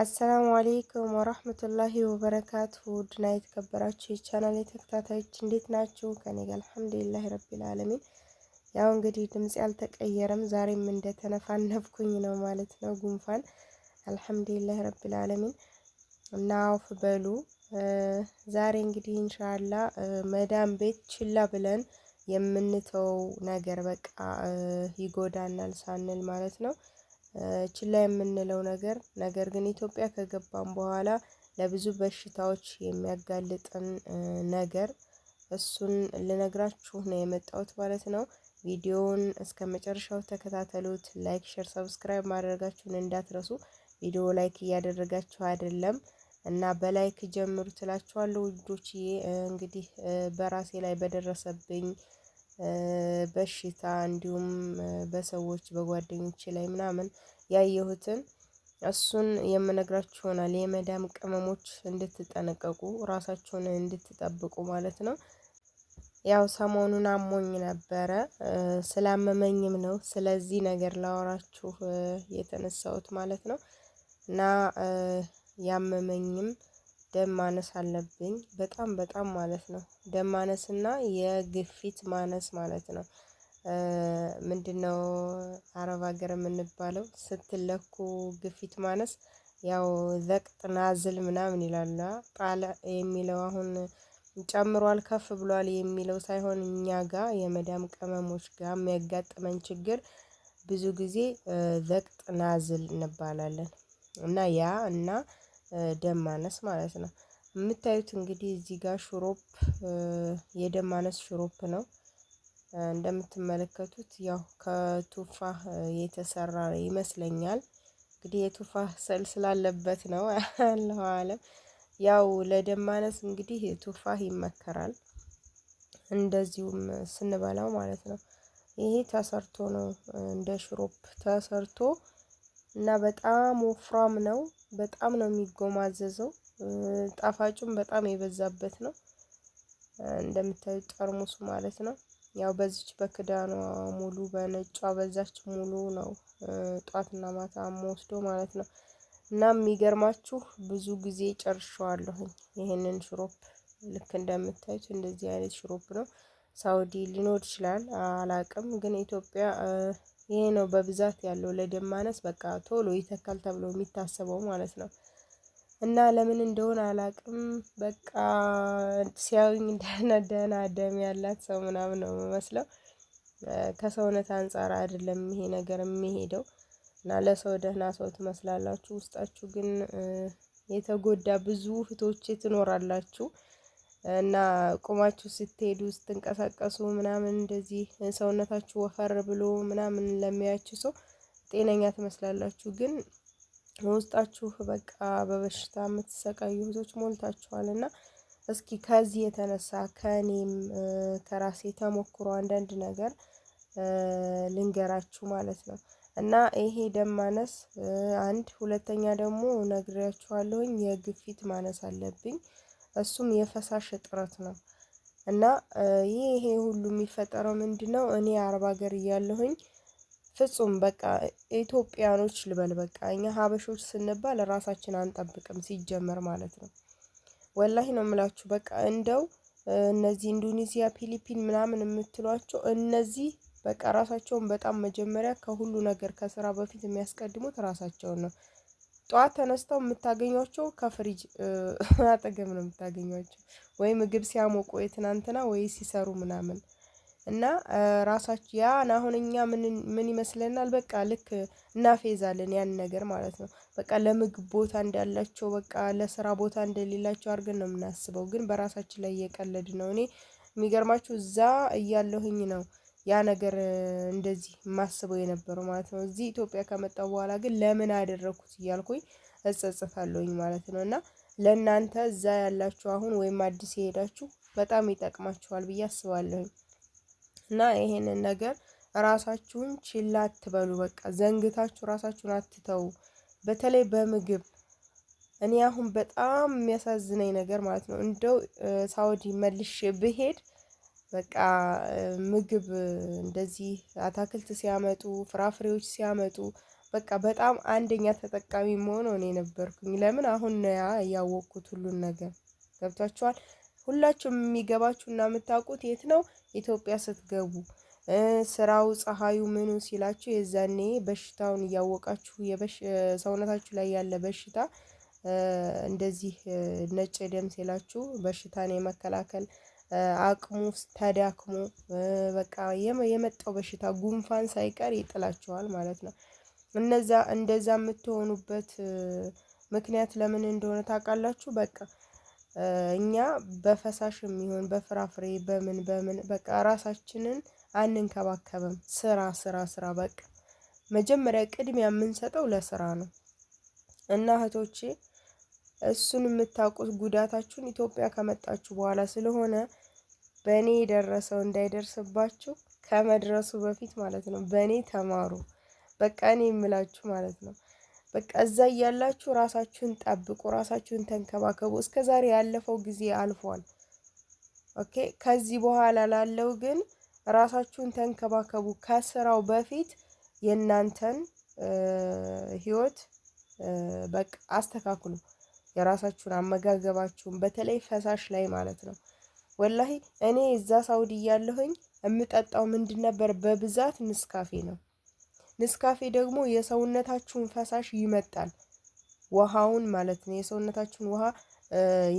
አሰላሙ አሌይኩም ወራህመቱላሂ ወበረካቱ ውድና የተከበራችሁ የቻናል ተከታታዮች እንዴት ናችሁ? ከኔ ጋር አልሐምዱሊላህ ረቢል አለሚን። ያው እንግዲህ ድምፅ ያልተቀየረም ዛሬም እንደተነፋነፍኩኝ ነው ማለት ነው። ጉንፋን አልሐምዱሊላህ ረቢል አለሚን እና አውፍ በሉ። ዛሬ እንግዲህ እንሻላ መዳም ቤት ችላ ብለን የምንተው ነገር በቃ ይጎዳናል ሳንል ማለት ነው ችላ የምንለው ነገር ነገር ግን ኢትዮጵያ ከገባን በኋላ ለብዙ በሽታዎች የሚያጋልጥን ነገር እሱን ልነግራችሁ ነው የመጣሁት ማለት ነው። ቪዲዮውን እስከ መጨረሻው ተከታተሉት። ላይክ፣ ሼር፣ ሰብስክራይብ ማድረጋችሁን እንዳትረሱ። ቪዲዮ ላይክ እያደረጋችሁ አይደለም እና በላይክ ጀምሩ ትላችኋለሁ ውዶችዬ። እንግዲህ በራሴ ላይ በደረሰብኝ በሽታ እንዲሁም በሰዎች በጓደኞች ላይ ምናምን ያየሁትን እሱን የምነግራችሁ ይሆናል። የመዳም ቅመሞች እንድትጠነቀቁ ራሳችሁን እንድትጠብቁ ማለት ነው። ያው ሰሞኑን አሞኝ ነበረ ስላመመኝም ነው ስለዚህ ነገር ላወራችሁ የተነሳሁት ማለት ነው እና ያመመኝም ደም ማነስ አለብኝ። በጣም በጣም ማለት ነው። ደም ማነስ እና የግፊት ማነስ ማለት ነው። ምንድነው አረብ ሀገር የምንባለው? ስትለኩ ግፊት ማነስ ያው ዘቅጥ ናዝል ምናምን ይላሉ። ቃለ የሚለው አሁን ጨምሯል ከፍ ብሏል የሚለው ሳይሆን እኛ ጋ የመዳም ቅመሞች ጋር የሚያጋጥመን ችግር ብዙ ጊዜ ዘቅጥ ናዝል እንባላለን እና ያ እና ደም ማነስ ማለት ነው። የምታዩት እንግዲህ እዚህ ጋር ሽሮፕ የደም ማነስ ሽሮፕ ነው። እንደምትመለከቱት ያው ከቱፋህ የተሰራ ይመስለኛል። እንግዲህ የቱፋህ ስል ስላለበት ነው አለም። ያው ለደም ማነስ እንግዲህ ቱፋህ ይመከራል፣ እንደዚሁም ስንበላው ማለት ነው። ይሄ ተሰርቶ ነው እንደ ሽሮፕ ተሰርቶ እና በጣም ወፍራም ነው። በጣም ነው የሚጎማዘዘው። ጣፋጩም በጣም የበዛበት ነው እንደምታዩት ጠርሙሱ ማለት ነው። ያው በዚች በክዳኗ ሙሉ በነጯ በዛች ሙሉ ነው ጧትና ማታ ወስዶ ማለት ነው። እና የሚገርማችሁ ብዙ ጊዜ ጨርሸዋለሁኝ ይህንን ሽሮፕ። ልክ እንደምታዩት እንደዚህ አይነት ሽሮፕ ነው። ሳውዲ ሊኖር ይችላል አላቅም፣ ግን ኢትዮጵያ ይሄ ነው በብዛት ያለው ለደም ማነስ በቃ ቶሎ ይተካል ተብሎ የሚታሰበው ማለት ነው። እና ለምን እንደሆነ አላቅም። በቃ ሲያዩኝ ደህና ደህና ደም ያላት ሰው ምናምን ነው የምመስለው። ከሰውነት አንጻር አይደለም ይሄ ነገር የሚሄደው እና ለሰው ደህና ሰው ትመስላላችሁ፣ ውስጣችሁ ግን የተጎዳ ብዙ ፍቶች ትኖራላችሁ። እና ቁማችሁ ስትሄዱ ስትንቀሳቀሱ ምናምን እንደዚህ ሰውነታችሁ ወፈር ብሎ ምናምን ለሚያችሁ ሰው ጤነኛ ትመስላላችሁ፣ ግን ውስጣችሁ በቃ በበሽታ የምትሰቃዩ ህዞች ሞልታችኋል። እና እስኪ ከዚህ የተነሳ ከእኔም ከራሴ ተሞክሮ አንዳንድ ነገር ልንገራችሁ ማለት ነው። እና ይሄ ደም ማነስ አንድ፣ ሁለተኛ ደግሞ ነግሬያችኋለሁኝ የግፊት ማነስ አለብኝ። እሱም የፈሳሽ እጥረት ነው እና ይህ ይሄ ሁሉ የሚፈጠረው ምንድን ነው? እኔ አረብ ሀገር እያለሁኝ ፍጹም በቃ ኢትዮጵያኖች ልበል በቃ እኛ ሀበሾች ስንባል ራሳችን አንጠብቅም ሲጀመር ማለት ነው። ወላሂ ነው የምላችሁ። በቃ እንደው እነዚህ ኢንዶኔዚያ፣ ፊሊፒን ምናምን የምትሏቸው እነዚህ በቃ ራሳቸውን በጣም መጀመሪያ ከሁሉ ነገር ከስራ በፊት የሚያስቀድሙት ራሳቸውን ነው። ጠዋት ተነስተው የምታገኟቸው ከፍሪጅ አጠገብ ነው የምታገኟቸው፣ ወይ ምግብ ሲያሞቁ የትናንትና ወይ ሲሰሩ ምናምን እና ራሳችሁ ያን አሁን እኛ ምን ይመስለናል? በቃ ልክ እናፌዛለን ያን ነገር ማለት ነው። በቃ ለምግብ ቦታ እንዳላቸው በቃ ለስራ ቦታ እንደሌላቸው አድርገን ነው የምናስበው፣ ግን በራሳችን ላይ እየቀለድ ነው። እኔ የሚገርማችሁ እዛ እያለሁኝ ነው ያ ነገር እንደዚህ ማስበው የነበረው ማለት ነው። እዚህ ኢትዮጵያ ከመጣ በኋላ ግን ለምን አደረግኩት እያልኩኝ እጸጽፋለሁኝ ማለት ነው። እና ለእናንተ እዛ ያላችሁ አሁን ወይም አዲስ የሄዳችሁ በጣም ይጠቅማችኋል ብዬ አስባለሁኝ። እና ይሄንን ነገር ራሳችሁን ችላ አትበሉ። በቃ ዘንግታችሁ ራሳችሁን አትተው። በተለይ በምግብ እኔ አሁን በጣም የሚያሳዝነኝ ነገር ማለት ነው እንደው ሳውዲ መልሼ ብሄድ በቃ ምግብ እንደዚህ አታክልት ሲያመጡ ፍራፍሬዎች ሲያመጡ በቃ በጣም አንደኛ ተጠቃሚ መሆኑ እኔ ነበርኩኝ። ለምን አሁን ያ ያወቅኩት ሁሉን ነገር ገብቷችኋል። ሁላችሁም የሚገባችሁ እና የምታውቁት የት ነው ኢትዮጵያ ስትገቡ ስራው ፀሐዩ ምኑ ሲላችሁ የዛኔ በሽታውን እያወቃችሁ ሰውነታችሁ ላይ ያለ በሽታ እንደዚህ ነጭ ደም ሲላችሁ በሽታን የመከላከል አቅሙ ተዳክሞ በቃ የመጣው በሽታ ጉንፋን ሳይቀር ይጥላቸዋል ማለት ነው። እነዛ እንደዛ የምትሆኑበት ምክንያት ለምን እንደሆነ ታውቃላችሁ? በቃ እኛ በፈሳሽ የሚሆን በፍራፍሬ በምን በምን በቃ ራሳችንን አንንከባከብም። ስራ ስራ ስራ በቃ መጀመሪያ ቅድሚያ የምንሰጠው ለስራ ነው እና እህቶቼ እሱን የምታውቁት ጉዳታችሁን ኢትዮጵያ ከመጣችሁ በኋላ ስለሆነ በእኔ የደረሰው እንዳይደርስባችሁ ከመድረሱ በፊት ማለት ነው። በእኔ ተማሩ። በቃ እኔ የምላችሁ ማለት ነው። በቃ እዛ እያላችሁ ራሳችሁን ጠብቁ፣ ራሳችሁን ተንከባከቡ። እስከ ዛሬ ያለፈው ጊዜ አልፏል። ኦኬ። ከዚህ በኋላ ላለው ግን ራሳችሁን ተንከባከቡ። ከስራው በፊት የእናንተን ህይወት በቃ አስተካክሉ። የራሳችሁን አመጋገባችሁን በተለይ ፈሳሽ ላይ ማለት ነው። ወላሂ እኔ እዛ ሳውዲ እያለሁኝ የምጠጣው ምንድን ነበር? በብዛት ንስካፌ ነው። ንስካፌ ደግሞ የሰውነታችሁን ፈሳሽ ይመጣል፣ ውሃውን ማለት ነው። የሰውነታችሁን ውሃ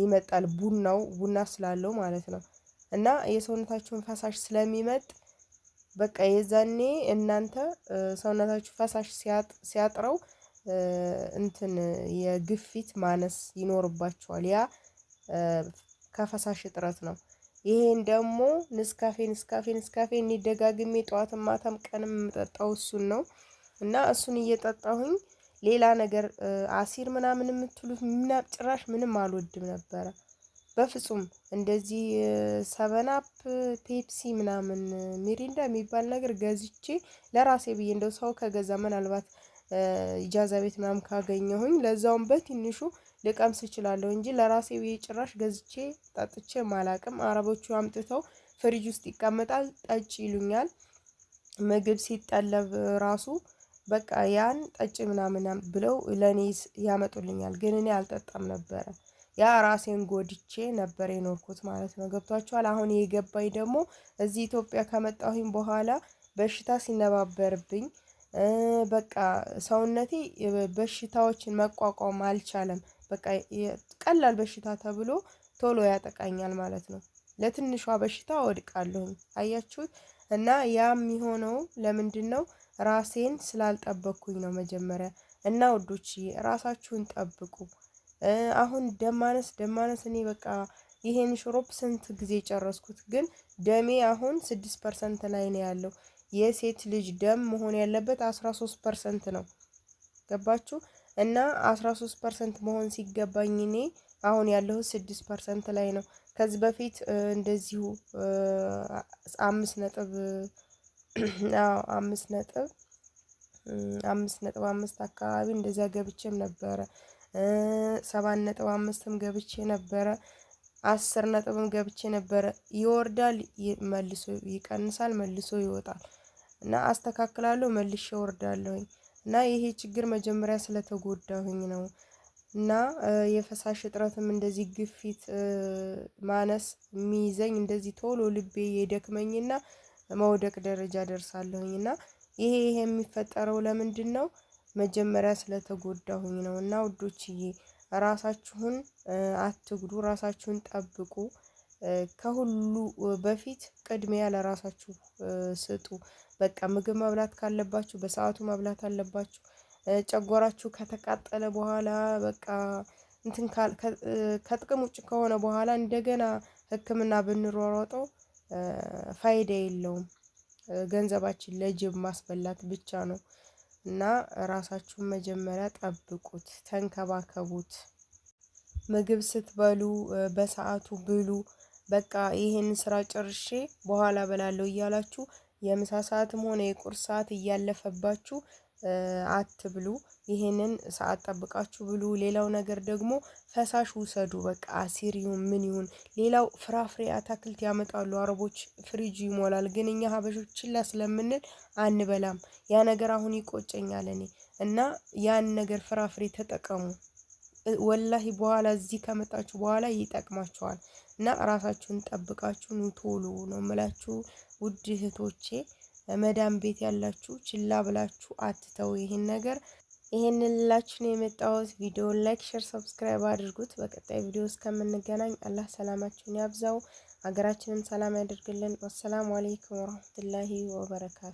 ይመጣል፣ ቡናው ቡና ስላለው ማለት ነው። እና የሰውነታችሁን ፈሳሽ ስለሚመጥ በቃ የዛኔ እናንተ ሰውነታችሁ ፈሳሽ ሲያጥረው እንትን የግፊት ማነስ ይኖርባችኋል ያ ከፈሳሽ እጥረት ነው። ይሄን ደግሞ ንስካፌ ንስካፌ ንስካፌ እኔ ደጋግሜ ማታም ቀንም የምጠጣው እሱን ነው እና እሱን እየጠጣሁኝ ሌላ ነገር አሲር ምናምን የምትሉት ምና ጭራሽ ምንም አልወድም ነበረ በፍጹም። እንደዚህ ሰበናፕ ፔፕሲ ምናምን ሚሪንዳ የሚባል ነገር ገዝቼ ለራሴ ብዬ እንደው ሰው ከገዛ ምናልባት ኢጃዛ ቤት ምናምን ካገኘሁኝ ለዛውም በትንሹ ልቀምስ እችላለሁ እንጂ ለራሴ ብዬ ጭራሽ ገዝቼ ጠጥቼ ማላቅም። አረቦቹ አምጥተው ፍሪጅ ውስጥ ይቀመጣል፣ ጠጭ ይሉኛል። ምግብ ሲጠለብ ራሱ በቃ ያን ጠጭ ምናምን ብለው ለእኔ ያመጡልኛል። ግን እኔ አልጠጣም ነበረ። ያ ራሴን ጎድቼ ነበር የኖርኩት ማለት ነው። ገብቷችኋል? አሁን የገባኝ ደግሞ እዚህ ኢትዮጵያ ከመጣሁኝ በኋላ በሽታ ሲነባበርብኝ በቃ ሰውነቴ በሽታዎችን መቋቋም አልቻለም። በቃ ቀላል በሽታ ተብሎ ቶሎ ያጠቃኛል ማለት ነው። ለትንሿ በሽታ ወድቃለሁኝ አያችሁት? እና ያ የሚሆነው ለምንድን ነው? ራሴን ስላልጠበቅኩኝ ነው መጀመሪያ። እና ውዶች ራሳችሁን ጠብቁ። አሁን ደማነስ ደማነስ እኔ በቃ ይሄን ሽሮፕ ስንት ጊዜ ጨረስኩት፣ ግን ደሜ አሁን ስድስት ፐርሰንት ላይ ነው ያለው። የሴት ልጅ ደም መሆን ያለበት አስራ ሶስት ፐርሰንት ነው። ገባችሁ? እና 13 ፐርሰንት መሆን ሲገባኝ እኔ አሁን ያለሁት 6 ፐርሰንት ላይ ነው። ከዚህ በፊት እንደዚሁ አምስት ነጥብ አምስት ነጥብ አምስት ነጥብ አምስት አካባቢ እንደዚያ ገብቼም ነበረ። ሰባት ነጥብ አምስትም ገብቼ ነበረ። አስር ነጥብም ገብቼ ነበረ። ይወርዳል፣ መልሶ ይቀንሳል፣ መልሶ ይወጣል እና አስተካክላለሁ፣ መልሼ እወርዳለሁኝ። እና ይሄ ችግር መጀመሪያ ስለተጎዳሁኝ ነው እና የፈሳሽ እጥረትም እንደዚህ ግፊት ማነስ የሚይዘኝ እንደዚህ ቶሎ ልቤ የደክመኝና መውደቅ ደረጃ ደርሳለሁኝ እና ይሄ ይሄ የሚፈጠረው ለምንድን ነው? መጀመሪያ ስለተጎዳሁኝ ነው። እና ውዶችዬ ራሳችሁን አትጉዱ፣ ራሳችሁን ጠብቁ። ከሁሉ በፊት ቅድሚያ ለራሳችሁ ስጡ። በቃ ምግብ መብላት ካለባችሁ በሰዓቱ መብላት አለባችሁ። ጨጎራችሁ ከተቃጠለ በኋላ በቃ እንትን ከጥቅም ውጭ ከሆነ በኋላ እንደገና ሕክምና ብንሯሯጠው ፋይዳ የለውም። ገንዘባችን ለጅብ ማስበላት ብቻ ነው እና ራሳችሁን መጀመሪያ ጠብቁት፣ ተንከባከቡት። ምግብ ስትበሉ በሰዓቱ ብሉ። በቃ ይህን ስራ ጨርሼ በኋላ በላለሁ እያላችሁ የምሳ ሰዓትም ሆነ የቁርስ ሰዓት እያለፈባችሁ አትብሉ። ይህንን ሰዓት ጠብቃችሁ ብሉ። ሌላው ነገር ደግሞ ፈሳሽ ውሰዱ። በቃ አሲር ይሁን ምን ይሁን። ሌላው ፍራፍሬ፣ አታክልት ያመጣሉ አረቦች፣ ፍሪጅ ይሞላል። ግን እኛ ሀበሾች ችላ ስለምንል አንበላም። ያ ነገር አሁን ይቆጨኛል እኔ እና ያን ነገር ፍራፍሬ ተጠቀሙ። ወላሂ በኋላ እዚህ ከመጣችሁ በኋላ ይጠቅማችኋል። እና ራሳችሁን ጠብቃችሁ ኑ ቶሎ ነው ምላችሁ። ውድ እህቶቼ። መዳም ቤት ያላችሁ ችላ ብላችሁ አትተው ይሄን ነገር። ይሄን ልላችሁ ነው የመጣሁት። ቪዲዮን ላይክ፣ ሼር፣ ሰብስክራይብ አድርጉት። በቀጣይ ቪዲዮ እስከምንገናኝ አላህ ሰላማችሁን ያብዛው፣ ሀገራችንን ሰላም ያደርግልን። ወሰላሙ አለይኩም ወረህመቱላሂ ወበረካቱ